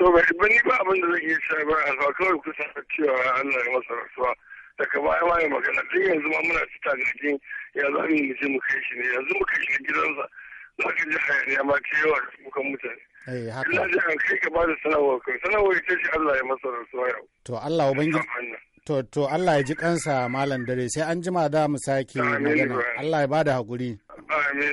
to ban yi ba abin da zan iya cewa ba a kawai kusa cewa Allah ya masa rasuwa daga baya ma ya magana tun yanzu ma muna fita gaji ya za mu yi mu kai shi ne yanzu mu muka shiga gidansa za ka ji hayaniya ma ta yawa da mukan mutane. Eh, Ina ji an kai ka ba da sanarwar kai sanarwar ita ce Allah ya masa rasuwa yau. To Allah ubangiji. To, to Allah ya ji kansa malam dare sai an jima da mu sake magana. Allah ya bada haƙuri. Amin.